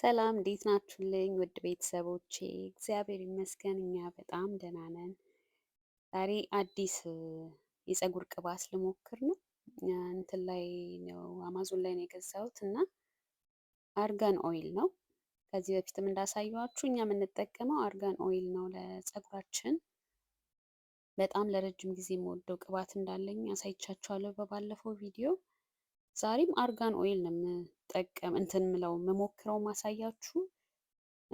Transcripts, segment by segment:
ሰላም እንዴት ናችሁልኝ? ውድ ቤተሰቦቼ እግዚአብሔር ይመስገን እኛ በጣም ደህና ነን። ዛሬ አዲስ የፀጉር ቅባት ልሞክር ነው። እንትን ላይ ነው አማዞን ላይ ነው የገዛሁት እና አርጋን ኦይል ነው። ከዚህ በፊትም እንዳሳየኋችሁ እኛ የምንጠቀመው አርጋን ኦይል ነው ለፀጉራችን። በጣም ለረጅም ጊዜ የምወደው ቅባት እንዳለኝ አሳይቻችኋለሁ በባለፈው ቪዲዮ ዛሬም አርጋን ኦይል ነው የምጠቀም እንትን ምለው የምሞክረው ማሳያችሁ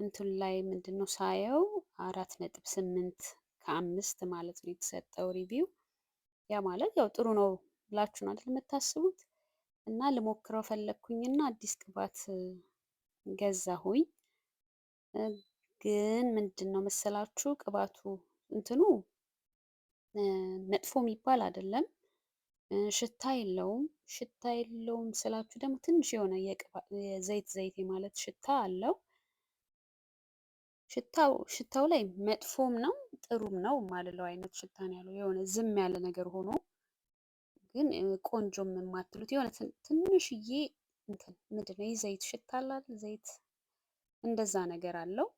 እንትን ላይ ምንድን ነው ሳየው አራት ነጥብ ስምንት ከአምስት ማለት ነው የተሰጠው ሪቪው። ያ ማለት ያው ጥሩ ነው ብላችሁ ነው አይደል የምታስቡት? እና ልሞክረው ፈለግኩኝና አዲስ ቅባት ገዛሁኝ። ግን ምንድን ነው መሰላችሁ ቅባቱ እንትኑ መጥፎ የሚባል አይደለም ሽታ የለውም። ሽታ የለውም ስላችሁ ደግሞ ትንሽ የሆነ የዘይት ዘይት ማለት ሽታ አለው። ሽታው ሽታው ላይ መጥፎም ነው ጥሩም ነው የማልለው አይነት ሽታ ነው ያለው። የሆነ ዝም ያለ ነገር ሆኖ ግን ቆንጆም የማትሉት የሆነ ትንሽዬ እንትን ምንድን ነው የዘይት ሽታ አላል ዘይት እንደዛ ነገር አለው።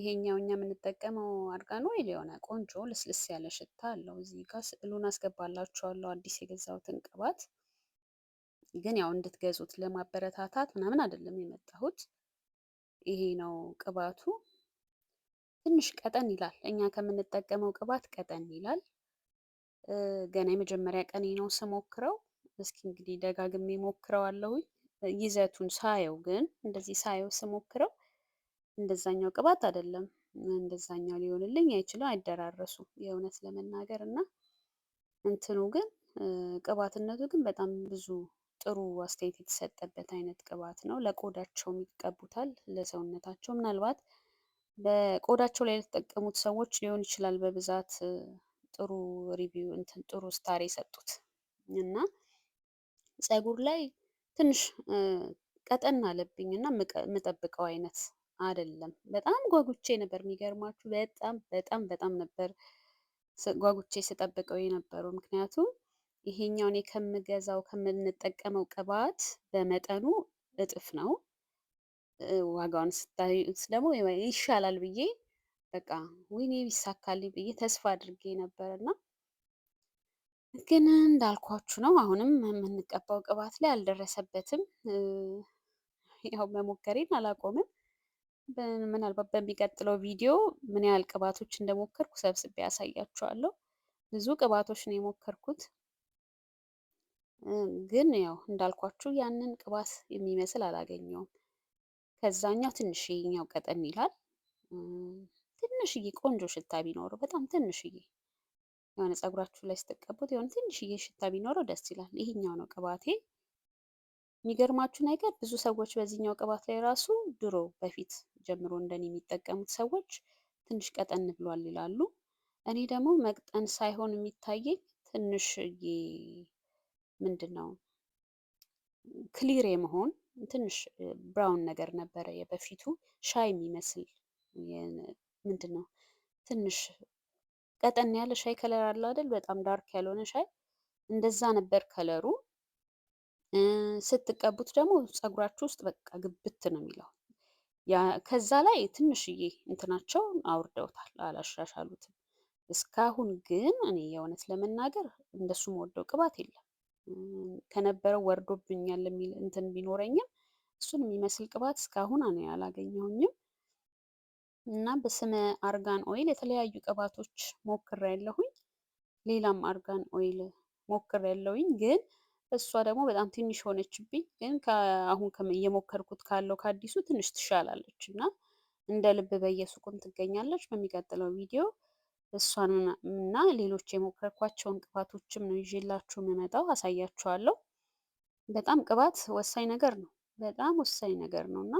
ይሄኛው እኛ የምንጠቀመው አርጋኖ የሆነ ቆንጆ ልስልስ ያለ ሽታ አለው። እዚህ ጋር ስዕሉን አስገባላችኋለሁ። አዲስ የገዛሁትን ቅባት ግን ያው እንድትገዙት ለማበረታታት ምናምን አይደለም የመጣሁት። ይሄ ነው ቅባቱ። ትንሽ ቀጠን ይላል፣ እኛ ከምንጠቀመው ቅባት ቀጠን ይላል። ገና የመጀመሪያ ቀኔ ነው ስሞክረው። እስኪ እንግዲህ ደጋግሜ ሞክረዋለሁ። ይዘቱን ሳየው ግን እንደዚህ ሳየው ስሞክረው እንደዛኛው ቅባት አይደለም። እንደዛኛው ሊሆንልኝ አይችልም፣ አይደራረሱ የእውነት ለመናገር እና እንትኑ ግን ቅባትነቱ ግን በጣም ብዙ ጥሩ አስተያየት የተሰጠበት አይነት ቅባት ነው። ለቆዳቸውም ይቀቡታል፣ ለሰውነታቸው ምናልባት በቆዳቸው ላይ ለተጠቀሙት ሰዎች ሊሆን ይችላል በብዛት ጥሩ ሪቪው እንትን ጥሩ ስታር የሰጡት እና ፀጉር ላይ ትንሽ ቀጠን አለብኝ እና የምጠብቀው አይነት አይደለም። በጣም ጓጉቼ ነበር። የሚገርማችሁ በጣም በጣም በጣም ነበር ጓጉቼ ስጠብቀው የነበረው ምክንያቱም ይሄኛው እኔ ከምገዛው ከምንጠቀመው ቅባት በመጠኑ እጥፍ ነው። ዋጋውን ስታዩት ደግሞ ይሻላል ብዬ በቃ ወይኔ ይሳካልኝ ብዬ ተስፋ አድርጌ ነበር እና ግን እንዳልኳችሁ ነው። አሁንም የምንቀባው ቅባት ላይ አልደረሰበትም። ያው መሞከሬን አላቆምም። ምናልባት በሚቀጥለው ቪዲዮ ምን ያህል ቅባቶች እንደሞከርኩ ሰብስቤ ያሳያችኋለሁ። ብዙ ቅባቶች ነው የሞከርኩት፣ ግን ያው እንዳልኳችሁ ያንን ቅባት የሚመስል አላገኘውም። ከዛኛው ይኛው ቀጠን ይላል። ትንሽዬ ቆንጆ ሽታ ቢኖረው በጣም ትንሽዬ የሆነ ፀጉራችሁ ላይ ስትቀቡት የሆነ ትንሽዬ ሽታ ቢኖረው ደስ ይላል። ይሄኛው ነው ቅባቴ። የሚገርማችሁ ነገር ብዙ ሰዎች በዚህኛው ቅባት ላይ ራሱ ድሮ በፊት ጀምሮ እንደኔ የሚጠቀሙት ሰዎች ትንሽ ቀጠን ብሏል ይላሉ። እኔ ደግሞ መቅጠን ሳይሆን የሚታየኝ ትንሽ ምንድን ነው ክሊር የመሆን ትንሽ ብራውን ነገር ነበረ የበፊቱ ሻይ የሚመስል ምንድን ነው ትንሽ ቀጠን ያለ ሻይ ከለር አለ አይደል? በጣም ዳርክ ያልሆነ ሻይ እንደዛ ነበር ከለሩ። ስትቀቡት ደግሞ ፀጉራችሁ ውስጥ በቃ ግብት ነው የሚለው። ከዛ ላይ ትንሽዬ እንትናቸውን አውርደውታል፣ አላሻሻሉትም። እስካሁን ግን እኔ የእውነት ለመናገር እንደሱ መወደው ቅባት የለም። ከነበረው ወርዶብኛል የሚል እንትን ቢኖረኝም እሱን የሚመስል ቅባት እስካሁን እኔ አላገኘሁኝም። እና በስመ አርጋን ኦይል የተለያዩ ቅባቶች ሞክር ያለሁኝ ሌላም አርጋን ኦይል ሞክር ያለሁኝ ግን እሷ ደግሞ በጣም ትንሽ ሆነችብኝ። ግን አሁን እየሞከርኩት ካለው ከአዲሱ ትንሽ ትሻላለች እና እንደ ልብ በየሱቁም ትገኛለች። በሚቀጥለው ቪዲዮ እሷን እና ሌሎች የሞከርኳቸውን ቅባቶችም ነው ይዤላችሁ የምመጣው፣ አሳያችኋለሁ። በጣም ቅባት ወሳኝ ነገር ነው፣ በጣም ወሳኝ ነገር ነው እና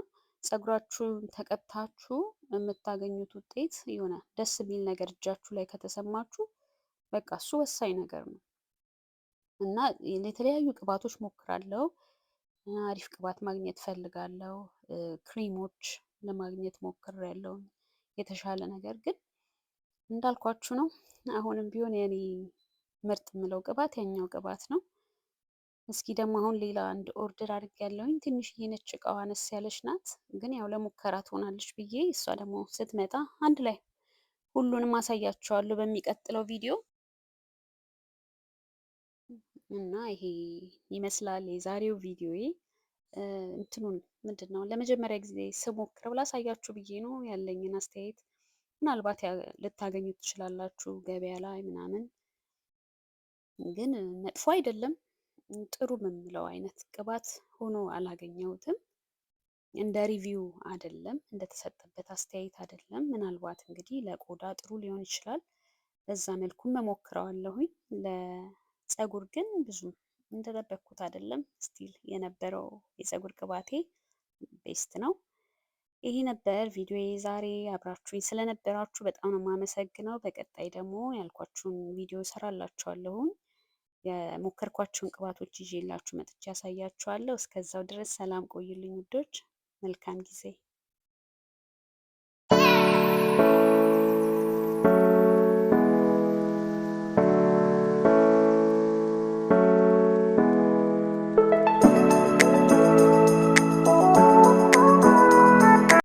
ጸጉራችሁን ተቀብታችሁ የምታገኙት ውጤት የሆነ ደስ የሚል ነገር እጃችሁ ላይ ከተሰማችሁ በቃ እሱ ወሳኝ ነገር ነው። እና የተለያዩ ቅባቶች ሞክራለሁ። አሪፍ ቅባት ማግኘት ፈልጋለሁ። ክሬሞች ለማግኘት ሞክሬያለሁ። የተሻለ ነገር ግን እንዳልኳችሁ ነው። አሁንም ቢሆን የኔ ምርጥ የምለው ቅባት ያኛው ቅባት ነው። እስኪ ደግሞ አሁን ሌላ አንድ ኦርደር አድርጌያለሁኝ። ትንሽዬ ነች፣ እቃዋ አነስ ያለች ናት። ግን ያው ለሙከራ ትሆናለች ብዬ እሷ ደግሞ ስትመጣ አንድ ላይ ሁሉንም አሳያችኋለሁ በሚቀጥለው ቪዲዮ። እና ይሄ ይመስላል የዛሬው ቪዲዮዬ። እንትኑን ምንድን ነው ለመጀመሪያ ጊዜ ስሞክረው ላሳያችሁ ብዬ ነው ያለኝን አስተያየት ምናልባት ልታገኙት ትችላላችሁ ገበያ ላይ ምናምን፣ ግን መጥፎ አይደለም። ጥሩ የምለው አይነት ቅባት ሆኖ አላገኘሁትም። እንደ ሪቪው አይደለም፣ እንደተሰጠበት አስተያየት አይደለም። ምናልባት እንግዲህ ለቆዳ ጥሩ ሊሆን ይችላል። በዛ መልኩም መሞክረዋለሁኝ። ፀጉር ግን ብዙ እንደጠበቅኩት አይደለም። ስቲል የነበረው የፀጉር ቅባቴ ቤስት ነው። ይሄ ነበር ቪዲዮ ዛሬ። አብራችሁኝ ስለነበራችሁ በጣም ነው የማመሰግነው። በቀጣይ ደግሞ ያልኳችሁን ቪዲዮ ሰራላችኋለሁኝ። የሞከርኳቸውን ቅባቶች ይዤላችሁ መጥቼ ያሳያችኋለሁ። እስከዛው ድረስ ሰላም ቆዩልኝ ውዶች። መልካም ጊዜ